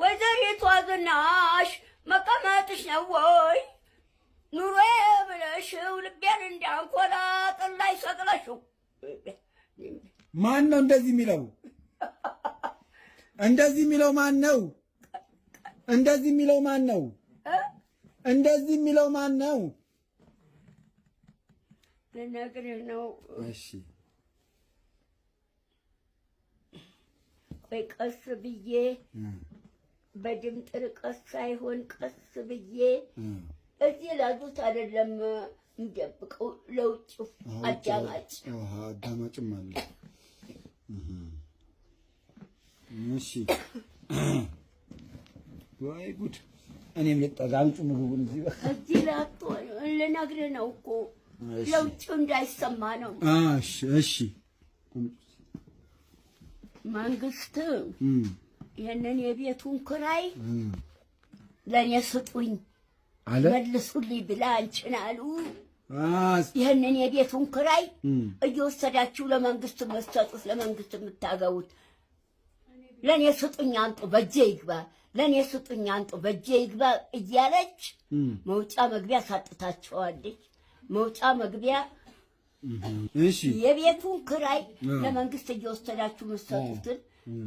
ወይዘሪት ዝናሽ መቀመጥሽ ነው ወይ ኑሮዬ ብለሽው ልቤን እንዲያንኮላጥል ላይ ሰቅለሽው። ማን ነው እንደዚህ የሚለው? እንደዚህ የሚለው ማን ነው? እንደዚህ የሚለው ማን ነው? እንደዚህ የሚለው ማን ነው? ልነግርህ ነው። እሺ ቀስ ብዬ በድምጥር ቀስ ሳይሆን ቀስ ብዬ እዚህ ላዙት አይደለም እንደብቀው ለውጭ አዳማጭ አዳማጭ አለ። እሺ ወይ ጉድ! እኔም ልጠጋ። አምጪ ምግቡን እዚህ እዚህ ላቶ ልነግርህ ነው እኮ ለውጭ እንዳይሰማ ነው። እሺ እሺ መንግስት ይህንን የቤቱን ክራይ ለእኔ ስጡኝ መልሱልኝ ብላ አንቺን አሉ። ይህንን የቤቱን ክራይ እየወሰዳችሁ ለመንግስት የምትሰጡት ለመንግስት የምታገቡት ለእኔ ስጡኝ አንጡ በእጄ ይግባ፣ ለእኔ ስጡኝ አንጡ በእጄ ይግባ እያለች መውጫ መግቢያ ሳጥታቸዋለች። መውጫ መግቢያ እሺ የቤቱን ክራይ ለመንግስት እየወሰዳችሁ የምትሰጡትን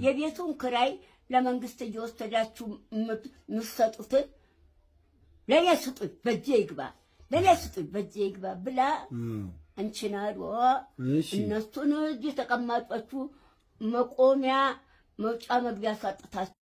የቤቱን ክራይ ለመንግስት እየወሰዳችሁ የምትሰጡትን ለኔ ስጡኝ በእጄ ይግባ፣ ለኔ ስጡኝ በእጄ ይግባ ብላ እንችናዶ እነሱን እጅ ተቀማጧችሁ መቆሚያ መውጫ መግቢያ ሳጥታችሁ